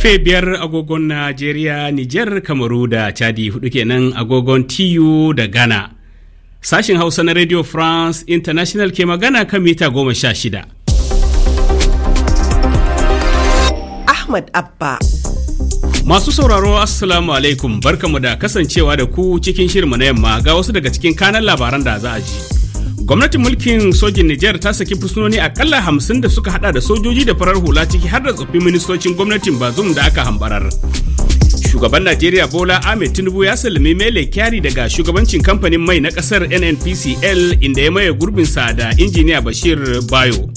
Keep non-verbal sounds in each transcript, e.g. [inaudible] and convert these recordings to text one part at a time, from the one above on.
karfe biyar agogon Najeriya, Nijar, Kamaru da Chadi hudu kenan agogon TU da Ghana. Sashin Hausa na Radio France International ke magana kan mita goma sha shida. Ahmad Abba. Masu sauraro Assalamu alaikum barkamu da kasancewa da ku cikin shirma na yamma ga wasu daga cikin kanan labaran da za a ji. Gwamnatin mulkin sojin Nijar ta saki fursunoni akalla hamsin da suka hada da sojoji da farar hula ciki har da tsoffin ministocin gwamnatin Bazum da aka hambarar. Shugaban Najeriya Bola Ahmed Tinubu ya sallami Mele Kyari daga shugabancin kamfanin mai na kasar NNPCL inda ya maye gurbinsa da injiniya Bashir Bayo.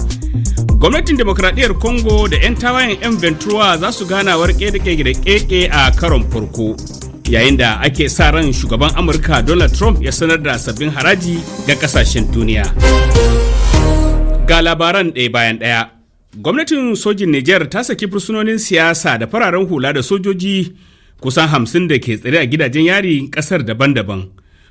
Gwamnatin Demokradiyyar Congo da 'yan tawayen 'yan Ventura za su ganawar keke a karon farko. yayin da ake sa ran shugaban amurka donald trump ya sanar da sabbin haraji ga kasashen duniya ga labaran ɗaya bayan ɗaya gwamnatin sojin niger ta saki fursunonin siyasa da fararen hula da sojoji kusan hamsin da ke tsare a gidajen yari ƙasar daban-daban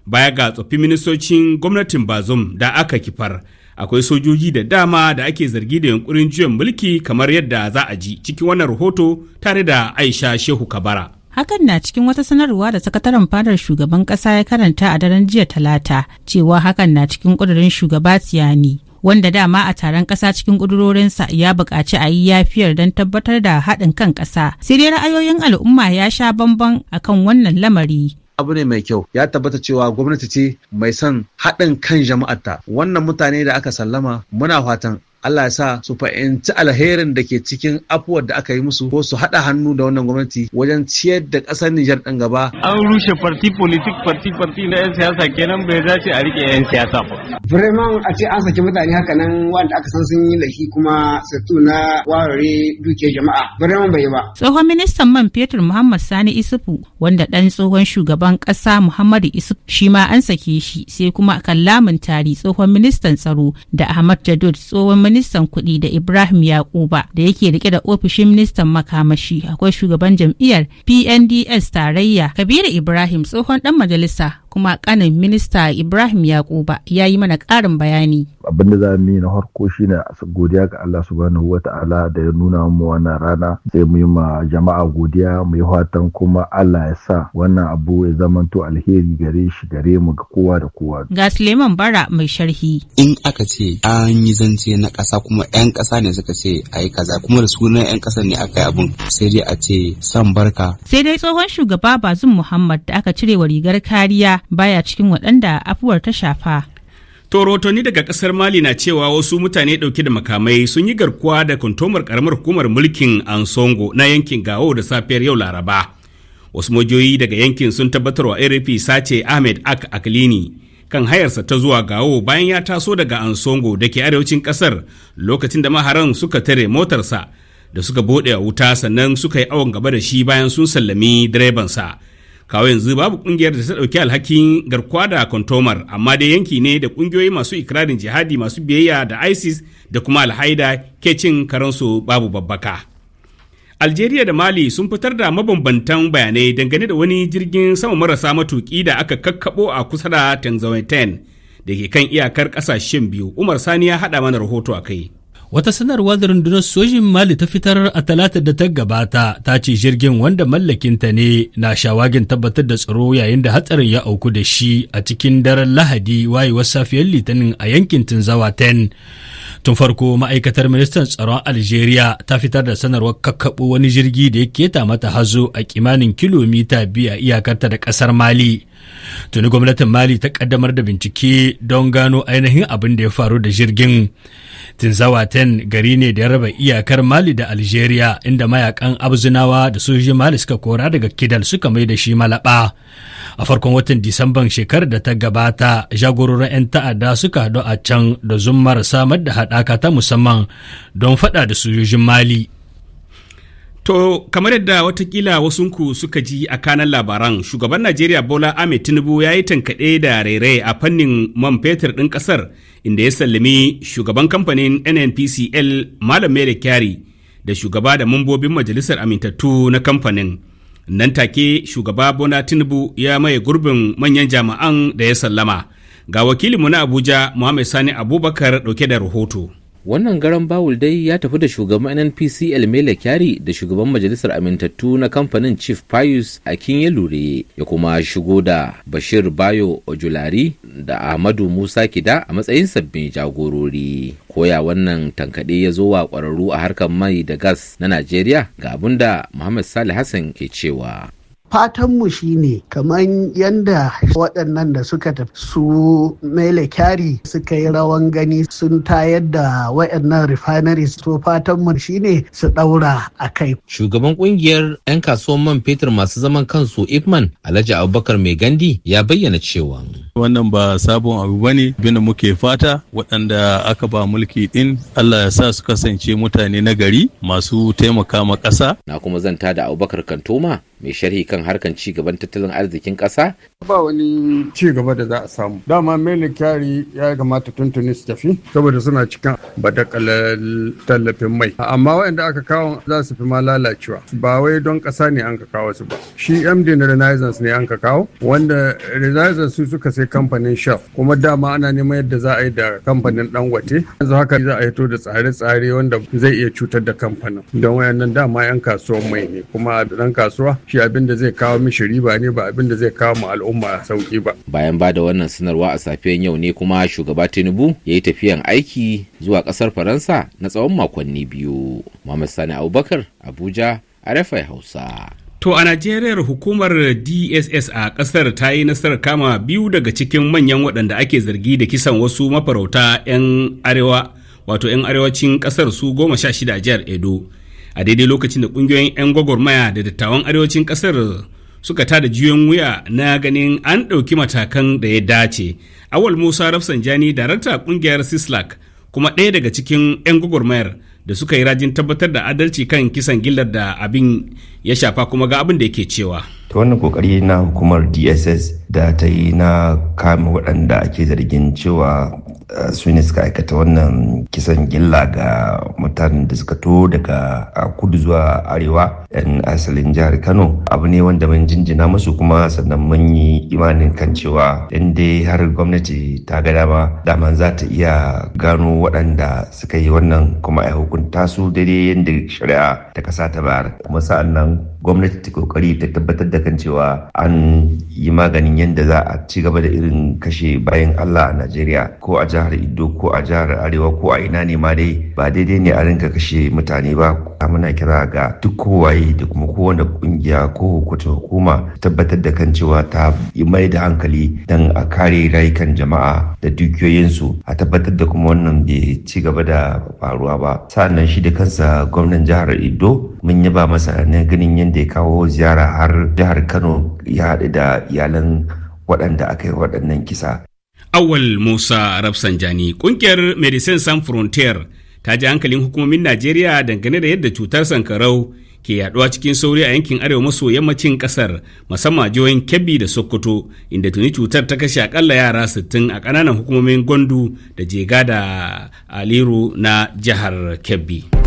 baya ga tsoffin ministocin gwamnatin bazum da aka kifar akwai sojoji da dama da ake zargi da yunkurin juyin mulki kamar yadda za a ji cikin wannan rahoto tare da aisha shehu kabara Hakan na cikin wata sanarwa da sakataren fadar shugaban kasa ya karanta a daren jiya talata cewa hakan na cikin ƙudurin shugaba tsiyani. wanda dama a taron ƙasa cikin ƙudurorinsa ya buƙaci a yi yafiyar don tabbatar da haɗin kan ƙasa. Sai dai ra'ayoyin al'umma ya sha bamban akan wannan lamari. abu ne mai kyau ya tabbata cewa gwamnati ce mai son haɗin kan jama'arta wannan mutane da aka sallama muna fatan Allah ya sa su fahimci alherin da ke cikin afuwar da aka yi musu ko su haɗa hannu da wannan gwamnati wajen ciyar da ƙasar Nijar ɗan gaba. An rushe farti politik farti farti na 'yan siyasa kenan bai dace a riƙe 'yan siyasa ba. Vraiment a ce an saki mutane haka nan wanda aka san sun yi laifi kuma sattu na warare duke jama'a. Vraiment bai yi ba. Tsohon ministan man fetur Muhammad Sani Isufu wanda ɗan tsohon shugaban ƙasa Muhammadu Isufu shi ma an sake shi sai kuma kan tari tsohon ministan tsaro da Ahmad Jadot tsohon ministan kuɗi da Ibrahim Yakuba da yake rike da ofishin ministan makamashi akwai shugaban jam'iyyar PNDS tarayya Kabiru Ibrahim tsohon ɗan majalisa kuma kanin minista Ibrahim Yakuba ya yi mana karin bayani. Abin da za mu yi na harko shine godiya ga Allah subhanahu wa ta'ala da ya nuna mu wannan rana sai mu yi ma jama'a godiya mu yi fatan kuma Allah ya sa wannan abu ya zamanto alheri gare shi gare mu ga kowa da kowa. Ga Suleiman Bara mai sharhi. In aka ce an yi zance na kasa kuma 'yan kasa ne suka ce a yi kaza kuma da sunan 'yan kasa ne aka yi abun sai dai a ce san barka. Sai dai tsohon shugaba Bazum Muhammad da aka cire wa rigar kariya baya cikin waɗanda afuwar ta shafa. torotoni daga kasar mali na cewa wasu mutane dauke da makamai sun yi garkuwa da kuntomar karamar hukumar mulkin ansongo na yankin gawo da safiyar yau laraba wasu majoyi daga yankin sun tabbatar wa rfp sace ahmed ak aklini kan hayarsa ta zuwa gawo bayan ya taso daga ansongo da ke arewacin kasar lokacin da maharan suka tare motarsa da suka bude wuta sannan suka yi awon gaba da shi bayan sun sallami direbansa. kawo yanzu babu kungiyar da ta dauki alhakin garkuwa da kontomar amma dai yanki ne da kungiyoyi masu ikirarin jihadi masu biyayya da isis da kuma alhaida ke cin karansu babu babbaka algeria da mali sun fitar da mabambantan bayanai dangane da wani jirgin sama marasa matuki da aka kakkabo a kusa da tanzania da ke kan iyakar kasashen biyu umar sani ya haɗa mana rahoto a kai Wata sanarwar da rundunar sojin Mali ta fitar a talatar da ta gabata ta ce jirgin wanda mallakinta ne na shawagin tabbatar da tsaro yayin da hatsarin ya auku da shi a cikin daren Lahadi wayewar safiyar Litinin a yankin 10 Tun farko ma'aikatar ministan tsaron Algeria ta fitar da sanarwar kakkaɓo wani jirgi da ya keta mata hazo a kimanin kilomita biyu a iyakarta da ƙasar Mali. Tuni gwamnatin Mali ta ƙaddamar da bincike don gano ainihin abin da ya faru da jirgin. Tinzawaten gari ne da ya raba iyakar Mali da Algeria inda mayakan abzunawa da sojoji Mali suka kora daga Kidal suka mai da shi malaba. A farkon watan Disamban shekarar da ta gabata jagororin 'yan ta'adda suka haɗu a can da zumar samar da haɗaka ta musamman don faɗa da sojojin Mali. To kamar yadda watakila wasunku suka ji a kanan labaran shugaban Najeriya Bola Ahmed Tinubu ya yi tankaɗe da rairaye a fannin man fetur ɗin ƙasar inda ya sallami shugaban kamfanin NNPCL Malam Mere Kyari da shugaba da mambobin majalisar amintattu na kamfanin. Nan take shugaba Bola Tinubu ya maye gurbin manyan jami'an da ya sallama. Ga wakilinmu na Abuja Muhammad Sani Abubakar ɗauke da rahoto. wannan garan bawul dai ya tafi da shugaban nnpc elmele kyari da shugaban majalisar amintattu na kamfanin chief pius kinye lure ya kuma shigo da bashir bayo ojulari da ahmadu musa kida a matsayin sabbin jagorori koya wannan tankaɗe ya zo wa ƙwararru a harkar mai da gas na najeriya ga abinda muhammad salih hassan ke cewa fatanmu shi ne kamar yadda waɗannan da suka tafi su mele kyari suka yi rawan gani sun tayar da waɗannan refineries to fatanmu shi ne su ɗaura a kai. Shugaban ƙungiyar 'yan kasuwan man fetur masu zaman kansu Ifman Alhaji Abubakar Mai Gandi ya bayyana cewa. Wannan ba sabon abu ba ne bin muke fata waɗanda aka ba mulki ɗin Allah ya sa su kasance mutane na gari masu taimaka ma ƙasa. Na kuma zanta da Abubakar Kantoma mai sharhi kan harkan ci gaban tattalin arzikin ƙasa. Ba wani ci gaba da za a samu. Dama Mele Kyari ya kamata tuntuni su tafi saboda suna cikin badakalar tallafin mai. Amma waɗanda aka kawo za su fi ma lalacewa. Ba wai don ƙasa ne an ka kawo su ba. Shi MD na Renaissance ne an ka kawo wanda Renaissance su suka sai kamfanin shaf. kuma dama ana neman yadda za a yi da kamfanin Dangote. Yanzu haka za a hito da tsare-tsare wanda zai iya cutar da kamfanin. Don wayannan dama 'yan kasuwan mai ne kuma a dan kasuwa shi abin da zai kawo mishi riba ne ba abin da zai kawo ma al'umma sauki ba bayan ba da wannan sanarwa a safiyan yau ne kuma shugaba tinubu ya yi tafiyan aiki zuwa ƙasar faransa na tsawon makonni biyu muhammad sani abubakar abuja arefa hausa To a Najeriya, hukumar DSS a ƙasar ta yi nasarar kama biyu daga cikin manyan waɗanda ake zargi da kisan wasu mafarauta 'yan arewa wato 'yan arewacin ƙasar su goma sha shida a jihar Edo. a daidai lokacin da kungiyoyin 'yan gwagwarmaya da dattawan arewacin kasar suka tada juyon wuya na ganin an ɗauki matakan da ya dace awal musa rafsanjani darakta kungiyar sislak kuma ɗaya daga cikin 'yan gwagwarmayar da suka yi rajin tabbatar da adalci kan kisan gillar da abin ya shafa kuma ga abin da yake cewa ta wannan kokari na hukumar dss da ta yi na kama waɗanda ake zargin cewa eh, su ne suka aikata wannan kisan gilla ga mutanen da suka to daga eh, kudu zuwa arewa yan asalin jihar kano abu ne wanda mun jinjina musu kuma sannan mun yi imanin kan cewa in dai har gwamnati ta ga dama daman za ta iya gano waɗanda suka yi wannan kuma a hukunta su daidai yadda shari'a ta kasa ta bayar kuma sa'an gwamnati ta kokari ta tabbatar da kan cewa an yi maganin yadda za a ci gaba da irin kashe bayan Allah a Najeriya ko a jihar Ido ko a jihar Arewa ko a ina ne ma dai ba daidai ne a rinka kashe mutane ba muna kira ga duk kowaye da kuma kowane kungiya ko hukuta hukuma tabbatar da kan cewa ta yi mai da hankali don a kare rayukan jama'a da dukiyoyinsu a tabbatar da kuma wannan bai ci gaba da faruwa ba sa'annan shi da kansa gwamnan jihar Ido mun yaba masa ne gani ganin yadda ya kawo ziyara har jihar kano ya haɗu da iyalan waɗanda aka yi waɗannan kisa awal musa rafsanjani ƙungiyar medicine sans frontier ta ji hankalin hukumomin najeriya dangane da yadda cutar sankarau ke yaduwa cikin sauri a yankin arewa maso yammacin kasar musamman jihohin kebbi da sokoto inda tuni cutar ta kashe akalla yara 60 a ƙananan hukumomin gondu da jega da aliru na jihar kebbi.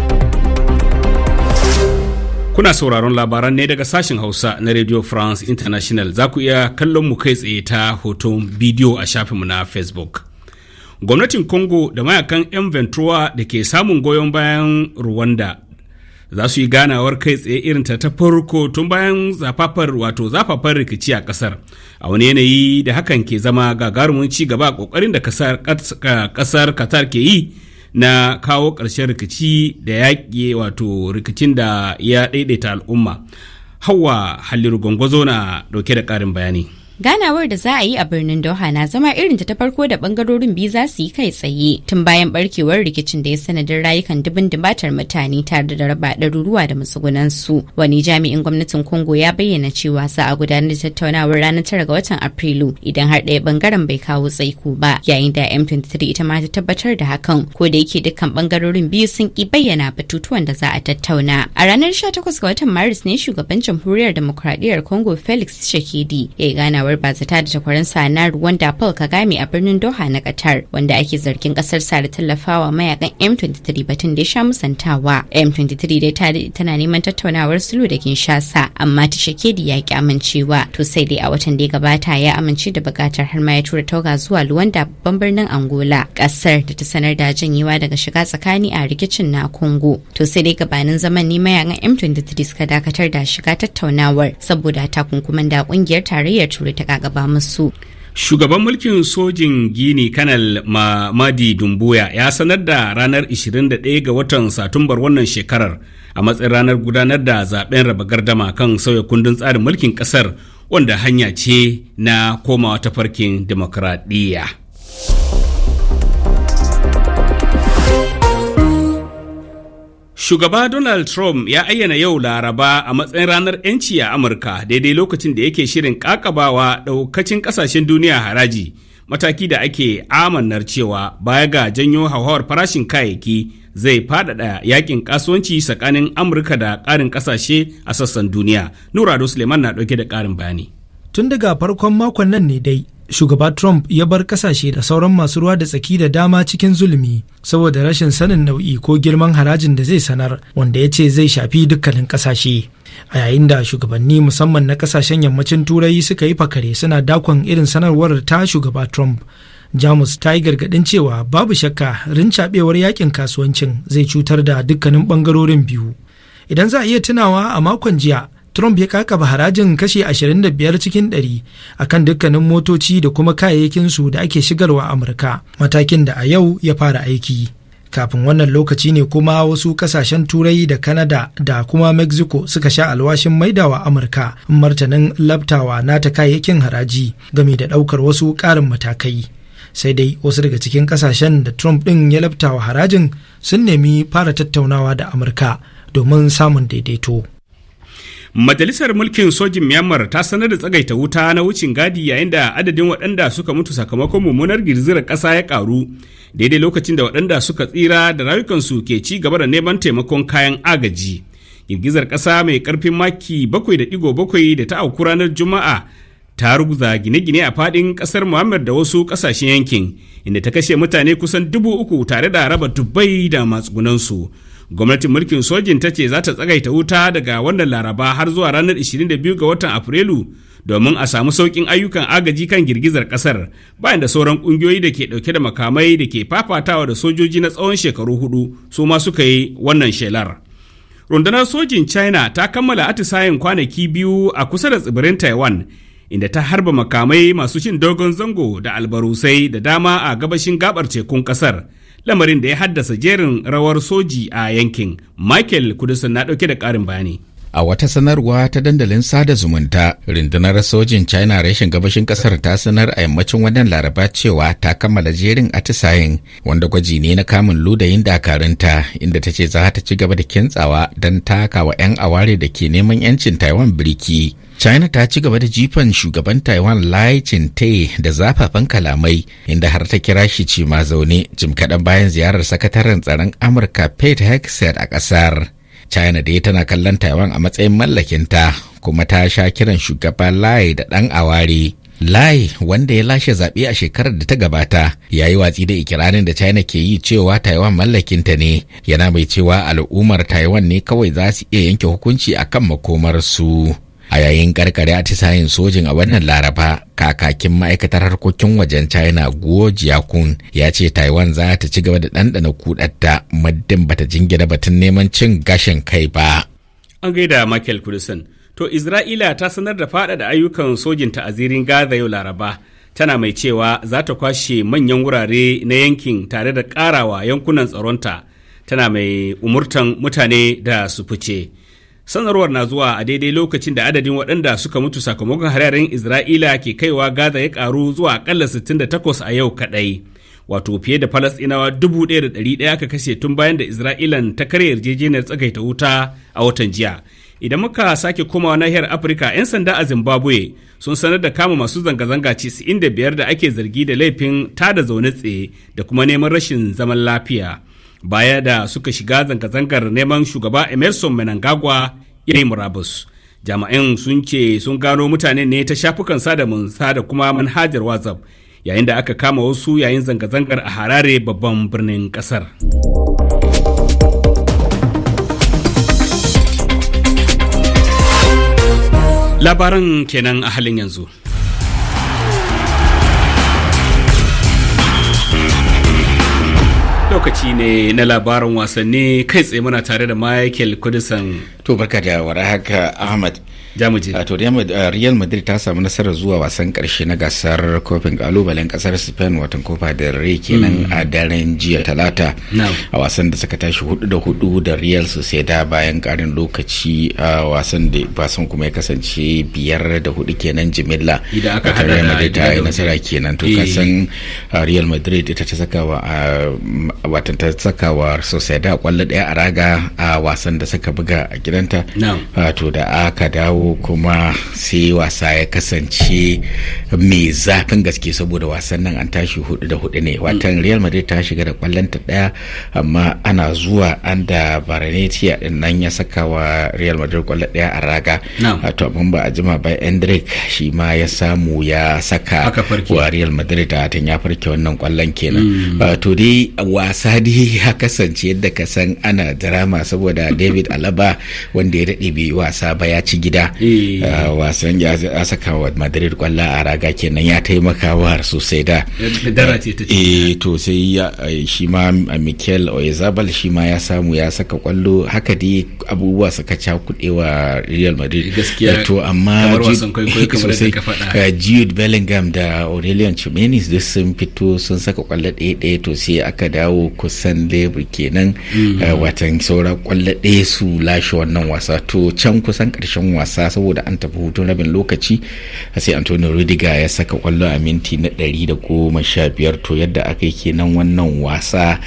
Kuna sauraron labaran ne daga sashen Hausa na Radio France International za ku iya kallon mu kai tsaye ta hoton bidiyo a shafinmu na Facebook. Gwamnatin Congo da mayakan 'yan Ventura da ke samun goyon bayan Rwanda za su yi ganawar kai tsaye irin ta ta farko tun bayan zafafar wato zafafar rikici a kasar a wani yanayi da hakan ke zama gagarumin ci gaba kokarin da kasar qatar ke yi na kawo ƙarshen rikici da yaƙi wato rikicin da ya ɗaiɗaita al'umma. Hawa halin Gwangwazo na ɗauke da ƙarin bayani. ganawar da za a yi a birnin doha na zama irin ta farko da bangarorin biyu za su yi kai tsaye tun bayan barkewar rikicin da ya sanadin rayukan dubin dubatar mutane tare da raba ɗaruruwa da matsugunan su wani jami'in gwamnatin congo ya bayyana cewa za a gudanar da tattaunawar ranar tara ga watan afrilu idan har ɗaya bangaren bai kawo tsaiko ba yayin da m23 ita ma ta tabbatar da hakan ko da yake dukkan bangarorin biyu sun ki bayyana batutuwan da za a tattauna a ranar 18 ga watan maris ne shugaban jamhuriyar demokradiyyar congo felix shekedi ya yi ganawa ba bazata da takwarin sanar wanda Paul Kagame a birnin Doha na Qatar wanda ake zargin kasar sa da tallafawa mayakan M23 batun da ya sha musantawa. M23 dai ta tana neman tattaunawar sulhu da Kinshasa amma ta shakedi ya ki amincewa to sai dai a watan da ya gabata ya amince da bukatar har ma ya tura tauga zuwa Luanda babban birnin Angola kasar da ta sanar da janyewa daga shiga tsakani a rikicin na Congo. To sai dai gabanin zaman ne mayakan M23 suka dakatar da shiga tattaunawar saboda takunkuman da kungiyar tarayyar Turai ta musu Shugaban mulkin sojin Gini Kanal Mamadi Dumbuya ya sanar da ranar 21 ga watan Satumbar wannan shekarar a matsayin ranar gudanar da zaben raba gardama kan sauya kundin tsarin mulkin kasar wanda hanya ce na komawa ta farkin demokradiyya. Shugaba Donald Trump ya ayyana yau Laraba a matsayin ranar 'yanci a Amurka daidai lokacin da yake shirin kakabawa daukacin kasashen duniya haraji, mataki da ake amannar cewa baya ga janyo hauhawar farashin kayayyaki zai faɗaɗa yakin kasuwanci tsakanin Amurka da ƙarin ƙasashe a sassan duniya. Nura Suleiman na ɗauke da ƙarin bayani. Tun daga farkon makon nan ne dai, shugaba trump ya bar kasashe da sauran masu ruwa da tsaki da dama cikin zulumi saboda rashin sanin nau'i ko girman harajin da zai sanar wanda ya ce zai shafi dukkanin kasashe a yayin da shugabanni musamman na kasashen yammacin turai suka yi fakare suna dakon irin sanarwar ta shugaba trump jamus ta yi gargadin cewa babu shakka rincaɓewar yakin kasuwancin zai cutar da dukkanin ɓangarorin biyu idan za a iya tunawa a makon jiya Trump ya kakaba harajin kashe 25 cikin 100 kan dukkanin motoci da kuma kayayyakin su da ake shigarwa Amurka, matakin da a yau ya fara aiki. Kafin wannan lokaci ne kuma wasu kasashen Turai da Kanada da kuma Mexico suka sha alwashin maidawa Amurka martanin labtawa nata kayayyakin haraji game da ɗaukar wasu ƙarin matakai. sai dai wasu daga cikin kasashen da trump ɗin ya labtawa harajin sun nemi fara tattaunawa da amurka domin samun daidaito. Majalisar mulkin sojin Myanmar ta sanar da tsagaita wuta na wucin gadi yayin da adadin waɗanda suka mutu sakamakon mummunar girgizar ƙasa ya ƙaru daidai lokacin da waɗanda suka tsira da rayukansu ke ci gaba da neman taimakon kayan agaji. Girgizar ƙasa mai ƙarfin maki bakwai da bakwai da ta auku ranar Juma'a ta ruguza gine-gine a faɗin ƙasar Muhammad da wasu ƙasashen yankin inda ta kashe mutane kusan dubu uku tare da raba dubbai da matsugunansu. gwamnatin mulkin sojin ta ce za ta tsagaita wuta daga wannan laraba har zuwa ranar 22 ga watan afrilu domin a samu sauƙin ayyukan agaji kan girgizar ƙasar bayan da sauran ƙungiyoyi da ke ɗauke da makamai da ke fafatawa da sojoji na tsawon shekaru hudu su ma suka yi wannan shelar rundunar sojin china ta kammala atisayen kwanaki biyu a kusa da tsibirin taiwan inda ta harba makamai masu cin dogon zango da albarusai da dama a gabashin gabar tekun kasar. lamarin da ya haddasa jerin rawar soji a yankin michael kudusun na dauke da karin bayani a wata sanarwa ta dandalin sada zumunta rundunar sojin china reshen gabashin kasar ta sanar a yammacin wannan laraba cewa ta kammala jerin atisayen wanda gwaji ne na kamun ludayin dakarunta inda ta ce za ta ci gaba da kintsawa don taka wa 'yan aware da ke neman 'yancin taiwan birki China ta ci gaba da jifan shugaban Taiwan Lai ching da zafafan kalamai inda har ta kira shi ce ma zaune jim kaɗan bayan ziyarar sakataren tsaron Amurka Pete Hegseth a ƙasar. China dai tana kallon Taiwan a matsayin mallakinta kuma ta sha kiran shugaba Lai da ɗan aware. Lai wanda ya lashe zaɓe a shekarar da ta gabata ya yi watsi da ikirarin da China ke yi cewa Taiwan mallakinta ne yana mai cewa al'ummar Taiwan ne kawai za su iya yanke hukunci akan makomarsu. a yayin karkare a sojin a wannan laraba kakakin ma'aikatar harkokin wajen china guo jiakun ya ce taiwan za ta ci gaba da ɗanɗana kudatta muddin bata jingina batun neman cin gashin kai ba an gaida michael kudusan to isra'ila ta sanar da faɗaɗa ayyukan sojin a zirin gaza yau laraba tana mai cewa za ta kwashe manyan wurare na yankin tare da ƙarawa yankunan tsaronta tana mai umurtan mutane da su fice. sanarwar na zuwa a daidai lokacin da adadin waɗanda suka mutu sakamakon hararin isra'ila ke kaiwa gaza ya karu zuwa akalla 68 a yau kaɗai wato fiye da falasɗinawa 1,100 aka kashe tun bayan da isra'ilan ta karya yarjejeniyar tsagaita wuta a watan jiya idan muka sake komawa nahiyar afirka 'yan sanda a zimbabwe sun sanar da kama masu zanga-zanga biyar da ake zargi da laifin tada zaune tsaye da kuma neman rashin zaman lafiya baya da suka shiga zanga-zangar neman shugaba emerson menangagwa ya murabus jami'an sun ce sun gano mutane ne ta shafukan sada munsa da kuma manhajar whatsapp yayin da aka kama wasu yayin zanga-zangar a harare babban birnin kasar labaran kenan a halin yanzu lokaci ne na labarin wasanni kai tsaye muna tare da michael kudisan to barka da haka ahmad to eh, real madrid ta samu nasara zuwa wasan karshe na gasar kofin kalubalen kasar spain watan copa del rey kenan hmm. a daren jiya talata a wasan da suka tashi hudu da hudu da real sociedad bayan karin lokaci a wasan da basan kuma ya kasance biyar da hudu kenan jimilla ta real madrid ta yi nasara kenan to kasan eh. real madrid ita ta saka watan ta saka wa sociedad kwallo daya a raga a wasan da suka buga a gidanta to da aka dawo ko kuma sai wasa ya kasance mai zafin gaske saboda wasan nan an tashi hudu da hudu ne mm. watan real madrid ta shiga da ta daya amma ana zuwa an da baranetia din nan ya saka wa real madrid kwallon daya a raga to abin ba a jima ba endrick shi ma ya samu ya saka wa real madrid a ta ya farke wannan kwallon kenan mm. to dai wasa [laughs] dai ya kasance yadda ka san ana drama saboda david alaba wanda ya daɗe bai wasa ba ya ci gida Eh. Ah, wasan ya saka wa madrid kwalla a raga kenan ya taimaka wa sosai da eh, eh, to sai shi ma mikel oyezabal shi ma ya samu ya saka kwallo haka dai abubuwa suka kuɗe wa real madrid to amma [laughs] jude bellingham da aurelian chimenez duk sun fito sun saka kwallo ɗaya ɗaya to sai aka dawo kusan lebur kenan mm. watan saura kwallo ɗaya su lashe wannan wasa to can kusan ƙarshen wasa gyara saboda an tafi hutun rabin lokaci sai antonio rudiga ya saka kwallo a minti na ɗari da goma sha biyar to yadda aka yi kenan wannan wasa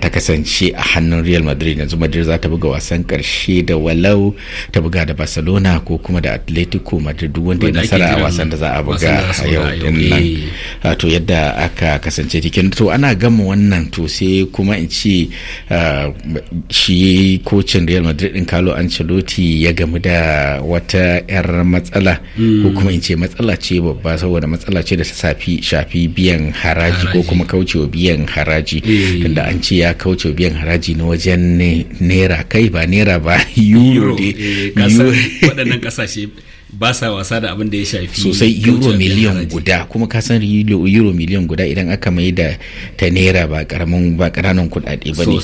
ta kasance a hannun real madrid yanzu madrid za ta buga wasan karshe da walau ta buga da barcelona ko kuma da atletico madrid wanda ya nasara a wasan da za a buga a yau din eh. nan to yadda aka kasance cikin to ana gama wannan to sai kuma in ce shi kocin real madrid din carlo ancelotti ya gamu da wata 'yar matsala mm. ko kuma in ce matsala ce babba saboda matsala ce da ta shafi biyan haraji ko kuma kaucewa biyan haraji eh. tunda an ce ya kaucewa biyan haraji na wajen naira kai ba naira ba [laughs] euro ne eh, waɗannan kasashe ba sa wasa da abin da ya shafi sosai euro miliyan guda kuma ka san euro miliyan guda idan aka mai da ta naira ba karamin ba karanan kudade ba ne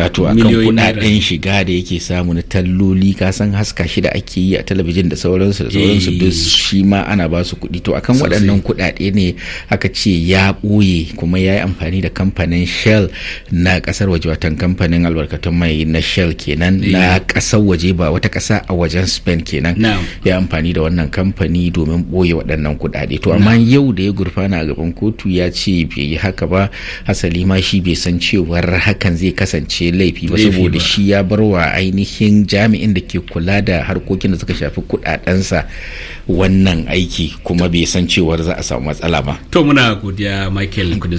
wato ah, akan kudaden shiga da yake samu na talloli ka san haska shi da ake yi a talabijin da sauransu da sauransu duk eh. shi ma ana ba su kuɗi to akan waɗannan kudade ne aka ce ya ɓoye kuma ya yi amfani da kamfanin shell na ƙasar waje watan kamfanin albarkatun mai na shell kenan na eh. ƙasar waje ba wata ƙasa a wajen spain kenan ya amfani amfani da wannan kamfani domin ɓoye waɗannan kuɗaɗe to amma yau da ya gurfana a gaban kotu ya ce bai yi haka ba hasali ma shi bai san cewar hakan zai kasance laifi ba saboda shi ya bar wa ainihin jami'in da ke kula da harkokin da suka shafi kuɗaɗensa wannan aiki kuma bai san cewar za a samu matsala ba to muna godiya michael kudin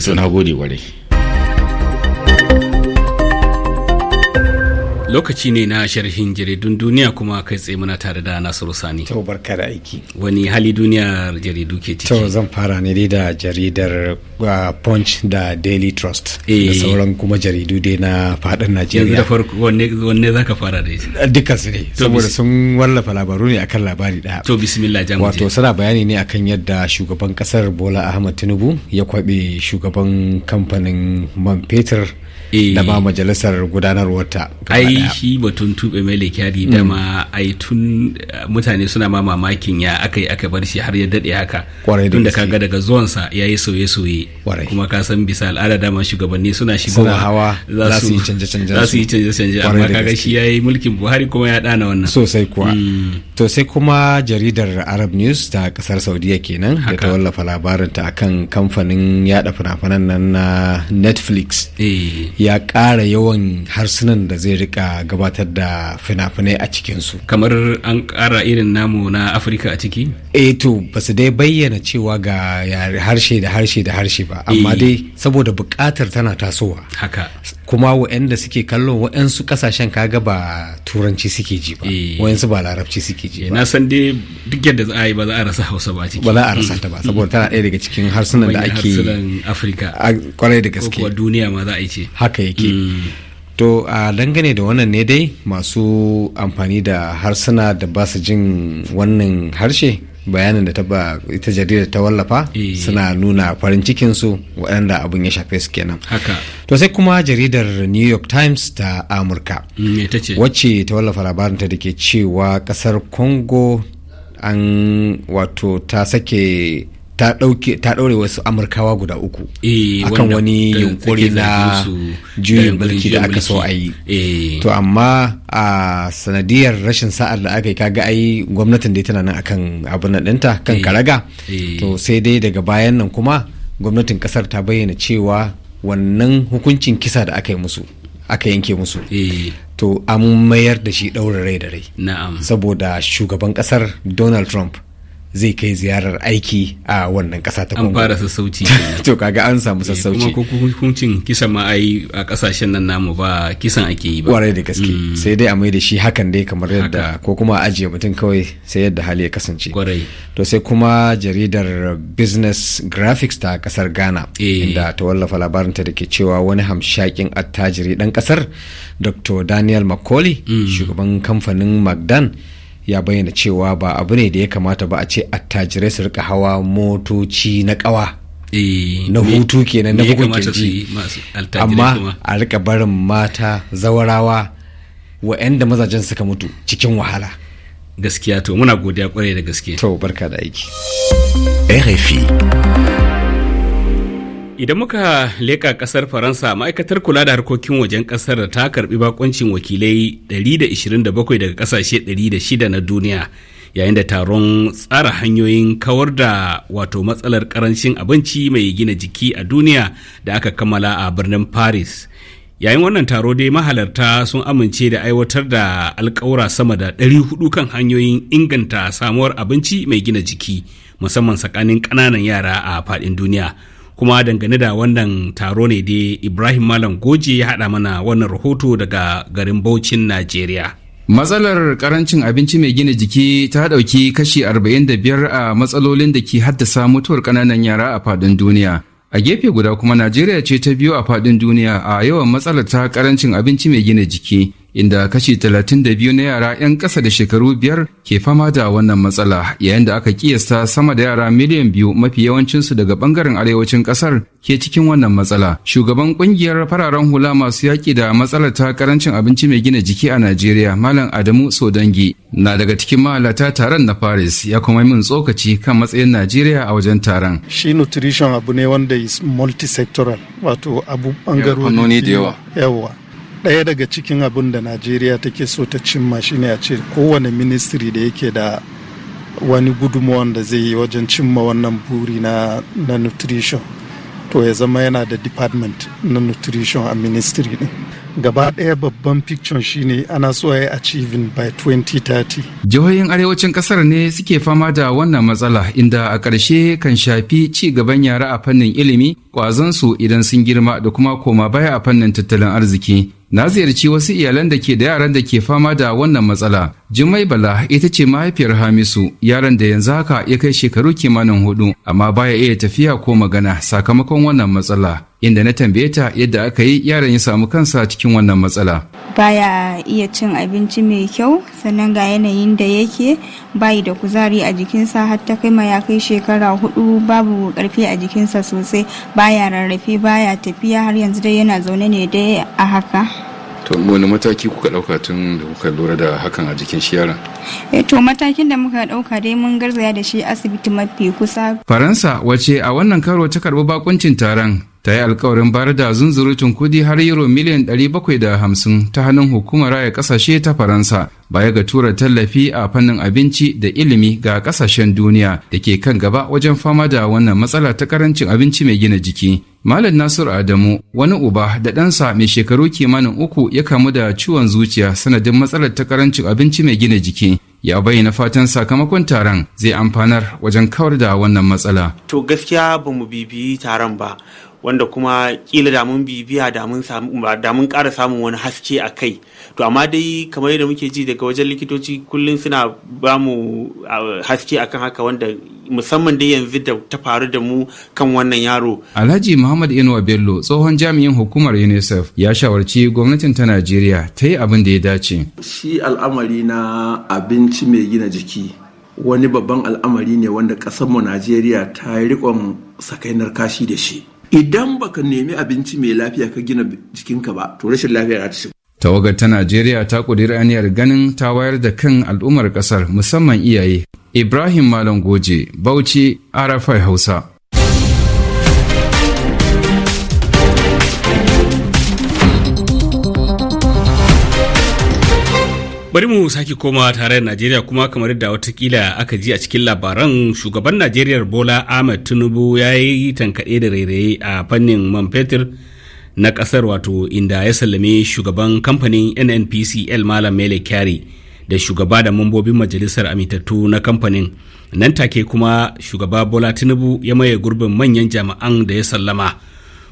lokaci ne na sharhin jaridun duniya kuma kai tsaye muna tare da nasiru sani to barka da aiki wani hali duniyar jaridu ke ciki to zan fara ne dai da jaridar uh, punch da daily trust da eh. sauran kuma jaridu dai na fadin najeriya yanzu da farko wanne wanne ka fara da shi uh, dukkan su ne saboda sun wallafa labaru ne akan labari da to bismillah jamu wato suna bayani ne akan yadda shugaban kasar bola ahmad tinubu ya kwabe shugaban kamfanin man fetur Eh. da ba majalisar gudanarwar ta ai shi batun tube mai kyari dama mm. ai tun eh, mutane suna ma mamakin ya aka yi aka bar shi har ya dade haka tun da kaga daga zuwansa ya yi sauye sauye kuma ka san bisa al'ada dama shugabanni suna shigowa hawa za su yi canje canje za su yi canje canje amma kaga shi ya yi mulkin buhari kuma ya dana wannan sosai kuwa mm. to sai kuma jaridar arab news ta kasar saudiya kenan da ta wallafa ta akan kamfanin yada fina-finan nan na netflix eh. ya ƙara yawan harsunan da zai rika gabatar da fina-finai a cikinsu. Kamar an ƙara irin namu na Afirka a ciki? eh to, ba su dai bayyana cewa ga harshe da harshe da harshe ba, amma eh. dai saboda buƙatar tana tasowa. Haka. Kuma waɗanda suke kallon waɗansu kasashen kaga ba turanci suke ji ba, eh. waɗansu ba larabci suke ji eh, ba. Na san dai duk yadda za a yi ba za a rasa Hausa ba ciki. Ba za a rasa ta ba, mm. saboda tana ɗaya daga cikin harsunan da ake. Harsunan Afirka. Kwarai da gaske. Ko duniya ma za a yi ce. haka yake mm. to a dangane da wannan ne dai masu amfani da harsuna da ba su jin wannan harshe bayanin da taba ita jarida ta wallafa eh. suna nuna farin cikinsu waɗanda abin ya shafe su kenan haka to sai kuma jaridar new york times ta amurka mm, wacce ta wallafa labarinta da ke cewa ƙasar congo an wato ta sake ta ɗauke ta ɗaure wasu amurkawa guda uku eh, akan wani yunkuri na juyin mulki da aka so a yi eh. to amma a sanadiyar rashin sa'ar da aka yi kaga ai gwamnatin dai tana nan akan abin nan ɗinta kan eh. karaga to sai dai daga bayan nan kuma gwamnatin kasar ta bayyana cewa wannan hukuncin kisa da aka yi musu aka yanke musu to an mayar da shi ɗaure rai da rai saboda shugaban kasar donald trump zai kai ziyarar aiki a wannan kasa ta An fara sassauci. [laughs] to kaga an samu eh, sassauci. Kuma hukuncin kisan ma ai a kasashen nan namu ba kisan ake yi ba. Kwarai da gaske. Mm. Sai dai a mai da shi hakan dai kamar yadda ko kuma ajiye mutum kawai sai yadda hali ya kasance. Kwarai. To sai kuma jaridar Business Graphics ta kasar Ghana. Eh. Inda ta wallafa labarinta da ke cewa wani hamshakin attajiri dan kasar Dr. Daniel Makoli mm. shugaban kamfanin Magdan. ya bayyana cewa ba abu ne da ya kamata ba a ce attajirai su rika hawa motoci na kawa eh, na hutu kenan na bugun kirji amma a rika barin mata zawarawa wa'anda mazajen suka mutu cikin wahala gaskiya to muna godiya kwarai da gaske to barka da aiki rfi Idan muka leƙa ƙasar Faransa ma'aikatar kula da harkokin wajen ƙasar da ta karbi bakoncin wakilai 127 daga ƙasashe 106 na duniya yayin da taron tsara hanyoyin kawar da wato matsalar ƙarancin abinci mai gina jiki a duniya da aka kammala a birnin Paris. Yayin wannan taro dai mahalarta sun amince da aiwatar da alƙawura sama da hudu kan hanyoyin inganta samuwar abinci mai gina jiki musamman tsakanin ƙananan yara a faɗin duniya. kuma dangane da wannan taro ne dai ibrahim malam goji ya haɗa mana wannan rahoto daga garin baucin najeriya matsalar karancin abinci mai gina jiki ta ɗauki kashi 45 a matsalolin da ke haddasa mutuwar ƙananan yara a faɗin duniya a gefe guda kuma najeriya ce ta biyu a faɗin duniya a yawan matsalar ta karancin abinci mai gina jiki inda kashi talatin da biyu na yara 'yan ƙasa da shekaru biyar ke fama da wannan matsala yayin da aka kiyasta sama da yara miliyan biyu mafi yawancinsu daga bangaren arewacin ƙasar ke cikin wannan matsala shugaban ƙungiyar fararen hula masu yaƙi da matsalar ta karancin abinci mai gina jiki a najeriya malam adamu sodangi na daga cikin mahalata taron na paris ya kuma min tsokaci kan matsayin najeriya a wajen taron shi nutrition abu ne wanda is multi-sectoral wato abu bangarori yawa ɗaya daga cikin abin da najeriya take so ta cimma shine a ce kowane ministry da yake da wani gudunmawan da zai yi wajen cimma wannan buri na, na nutrition to ya zama yana da department na nutrition a ministry din gaba ɗaya babban fiction shine ana so a achieving by 2030. Jihohin arewacin ƙasar ne suke fama da wannan matsala inda a ƙarshe kan shafi ci gaban yara a fannin ilimi ƙwazonsu idan sun girma da kuma koma baya a fannin tattalin arziki. Na ziyarci wasu iyalan da ke da yaran da ke fama da wannan matsala. Jummai Bala ita ce mahaifiyar Hamisu, yaran da yanzu haka ya kai shekaru kimanin hudu, amma baya iya tafiya ko magana sakamakon wannan matsala. inda na tambaye ta yadda aka yi yaron ya samu kansa cikin wannan matsala. Baya iya cin abinci mai kyau sannan ga yanayin da yake bayi da kuzari a jikinsa har ta kai ya kai shekara hudu babu karfi a jikinsa sosai baya rarrafe baya tafiya har yanzu dai yana zaune ne dai a haka. to wani mataki kuka dauka tun da kuka lura da hakan a jikin shi yaron eh, to matakin da muka dauka dai mun garzaya da shi asibiti mafi kusa faransa wace a wannan karo ta karbi bakuncin taron ta yi alkawarin bayar da zunzurutun kudi har euro miliyan ɗari hamsin ta hannun hukumar raya kasashe ta faransa baya ga tura tallafi a fannin abinci da ilimi ga ƙasashen duniya da ke kan gaba wajen fama da wannan matsala ta karancin abinci mai gina jiki malam Nasiru adamu wani uba da ɗansa mai shekaru kimanin uku ya kamu da ciwon zuciya sanadin matsalar ta karancin abinci mai gina jiki ya bayyana fatan sakamakon taron zai amfanar wajen kawar da wannan matsala to gaskiya bamu mu bibiyi taron ba wanda kuma kila da mun bibiya da mun ƙara samun wani haske a kai to amma dai kamar yadda muke ji daga wajen likitoci kullum suna ba mu haske akan haka wanda musamman dai yanzu da ta faru da mu kan wannan yaro alhaji muhammad inuwa bello tsohon jami'in hukumar unicef ya shawarci gwamnatin ta najeriya ta yi abin da ya dace shi al'amari na abinci mai gina jiki wani babban al'amari ne wanda ƙasarmu najeriya ta yi riƙon sakainar kashi da shi idan baka nemi abinci mai lafiya ka gina jikinka ba to rashin lafiya za ta shigo tawagar ta najeriya ta ƙudiri aniyar ganin ta wayar da kan al'ummar ƙasar musamman iyaye ibrahim malam goje bauchi arafai hausa bari mu sake koma tare da najeriya kuma kamar da watakila aka ji a cikin labaran shugaban najeriya bola ahmed tinubu ya yi tankaɗe da rairaye a fannin man fetur na ƙasar wato inda ya sallame shugaban kamfanin nnpcl malam mele kyari da shugaba da mambobin majalisar amintattu na kamfanin nan take kuma shugaba bola tinubu ya maye gurbin manyan jami'an da ya sallama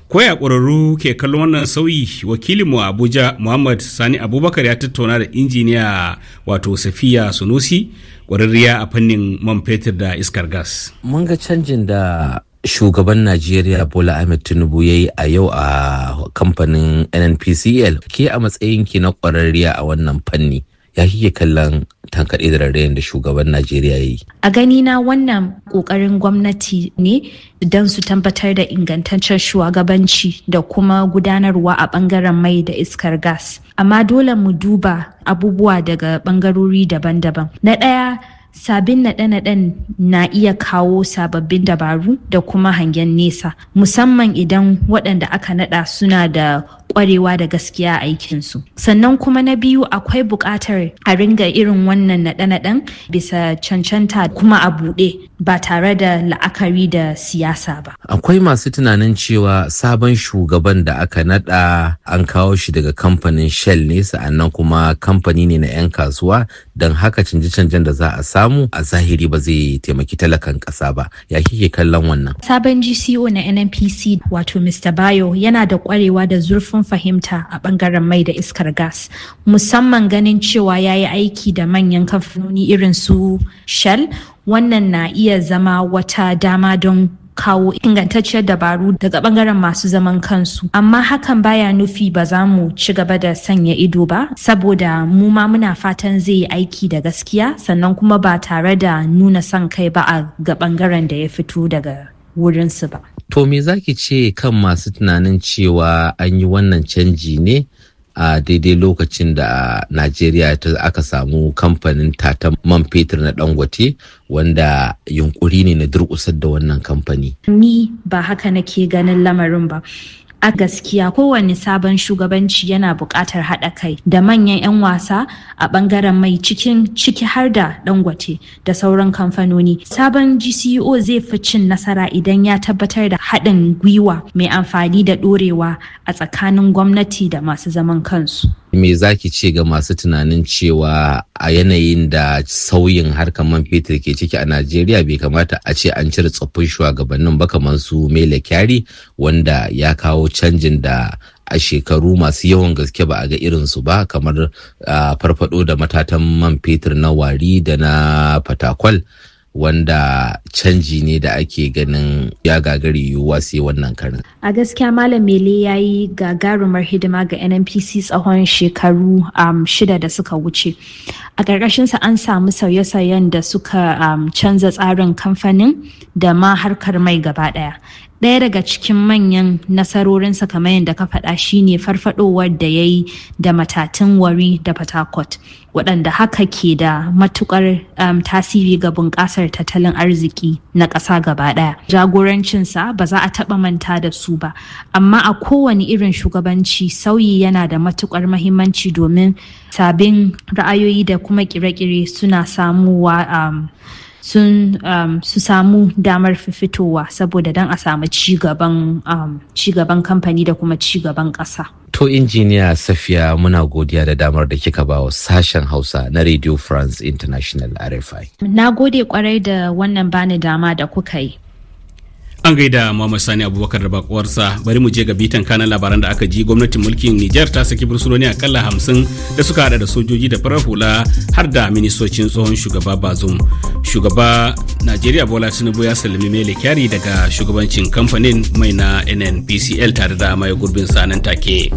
Koya ƙwararru ke kallon wannan sauyi wakilinmu a Abuja Muhammad Sani Abubakar ya tattauna da injiniya wato Safiya Sunusi ƙwararriya a fannin man fetur da iskar gas. Mun ga canjin da shugaban Najeriya Bola Ahmed Tinubu ya yi a yau a kamfanin NNPCL ke a matsayinki na ƙwararriya a wannan fanni. ya kike kallon tankar da da shugaban Najeriya ya yi. A gani na wannan ƙoƙarin gwamnati ne don su tabbatar da ingantaccen shugabanci da kuma gudanarwa a ɓangaren mai da iskar gas. Amma dole mu duba abubuwa daga ɓangarori daban-daban. Na ɗaya sabbin naɗe-naɗen na iya kawo sababbin dabaru da kuma hangen nesa musamman idan waɗanda aka naɗa suna da kwarewa da gaskiya a aikinsu sannan kuma na biyu akwai buƙatar a ringa irin wannan naɗe-naɗen bisa cancanta kuma a buɗe ba tare da la'akari da siyasa ba akwai masu tunanin cewa sabon shugaban da aka naɗa an kawo shi daga kamfanin shell ne sa'annan kuma kamfani ne na 'yan kasuwa don haka canje-canjen da za a samu a zahiri ba zai taimaki talakan ƙasa ba ya kike kallon wannan sabon gco e na nnpc wato mr bayo yana da kwarewa da zurfin sun fahimta a bangaren mai da iskar gas musamman ganin cewa ya yi aiki da manyan kamfanoni irin su shell wannan na iya zama wata dama don kawo ingantacciyar dabaru daga bangaren masu zaman kansu amma hakan baya nufi ba za mu ci gaba da sanya ido ba saboda mu ma muna fatan zai yi aiki da gaskiya sannan kuma ba tare da nuna son kai ba a ga bangaren da ya fito daga wurinsu ba To me ki ce kan masu tunanin cewa an yi wannan canji ne a daidai lokacin da Najeriya ta aka samu kamfanin tatan man fetur na Dangote wanda yunkuri ne na durƙusar da wannan kamfani. Ni ba haka nake ganin lamarin ba. a gaskiya kowane sabon shugabanci yana buƙatar haɗa kai da manyan 'yan wasa a ɓangaren mai cikin ciki har da dangote da sauran kamfanoni sabon gco e zai fi cin nasara idan ya tabbatar da haɗin gwiwa mai amfani da ɗorewa a tsakanin gwamnati da masu zaman kansu me zaki ce ga masu tunanin cewa a yanayin da sauyin harkar man fetur ke ciki a najeriya bai kamata a ce an cire tsoffin shugabannin ba kamar su mele kyari wanda ya kawo canjin da a shekaru masu yawan gaske ba a ga irinsu ba kamar ah, farfado da matatan man fetur na wari da na fatakwal wanda canji ne da ake ganin ya gagari yiwuwa sai wannan karin. A gaskiya Malam Mele ya yi gagarumar hidima ga NNPC tsawon shekaru um, shida da suka wuce. A ƙarƙashinsa an samu sauye-sauyen da suka um, canza tsarin kamfanin da ma harkar mai gaba ɗaya. ɗaya daga cikin manyan nasarorinsa kamar yadda ka faɗa shine farfadowar da ya yi da matatun wari da patakot waɗanda haka ke da matukar um, tasiri ga bunƙasar tattalin arziki na ƙasa gaba ɗaya jagorancinsa ba za a taɓa manta da su ba amma a kowane irin shugabanci sauyi yana da matukar mahimmanci domin sabin ra'ayoyi da kuma ƙire-ƙire suna samuwa um, sun um, su samu damar fifitowa saboda don a samu cigaban um, kamfani da kuma cigaban ƙasa. To injiniya Safiya muna godiya da damar da kika bawa sashen Hausa na Radio France International RFI. Na gode kwarai da wannan bani dama da kuka yi. an gaida Muhammad Sani Abubakar da bakuwarsa bari mu je ga bitan kanan labaran da aka ji gwamnatin mulkin Nijar ta saki bursunoni kalla hamsin da suka hada da sojoji da farar hula har da ministocin tsohon shugaba bazum Shugaba Najeriya Bola Tinubu ya sallami Mele Kyari daga shugabancin kamfanin mai na NNPCL tare da mai gurbin sanan take.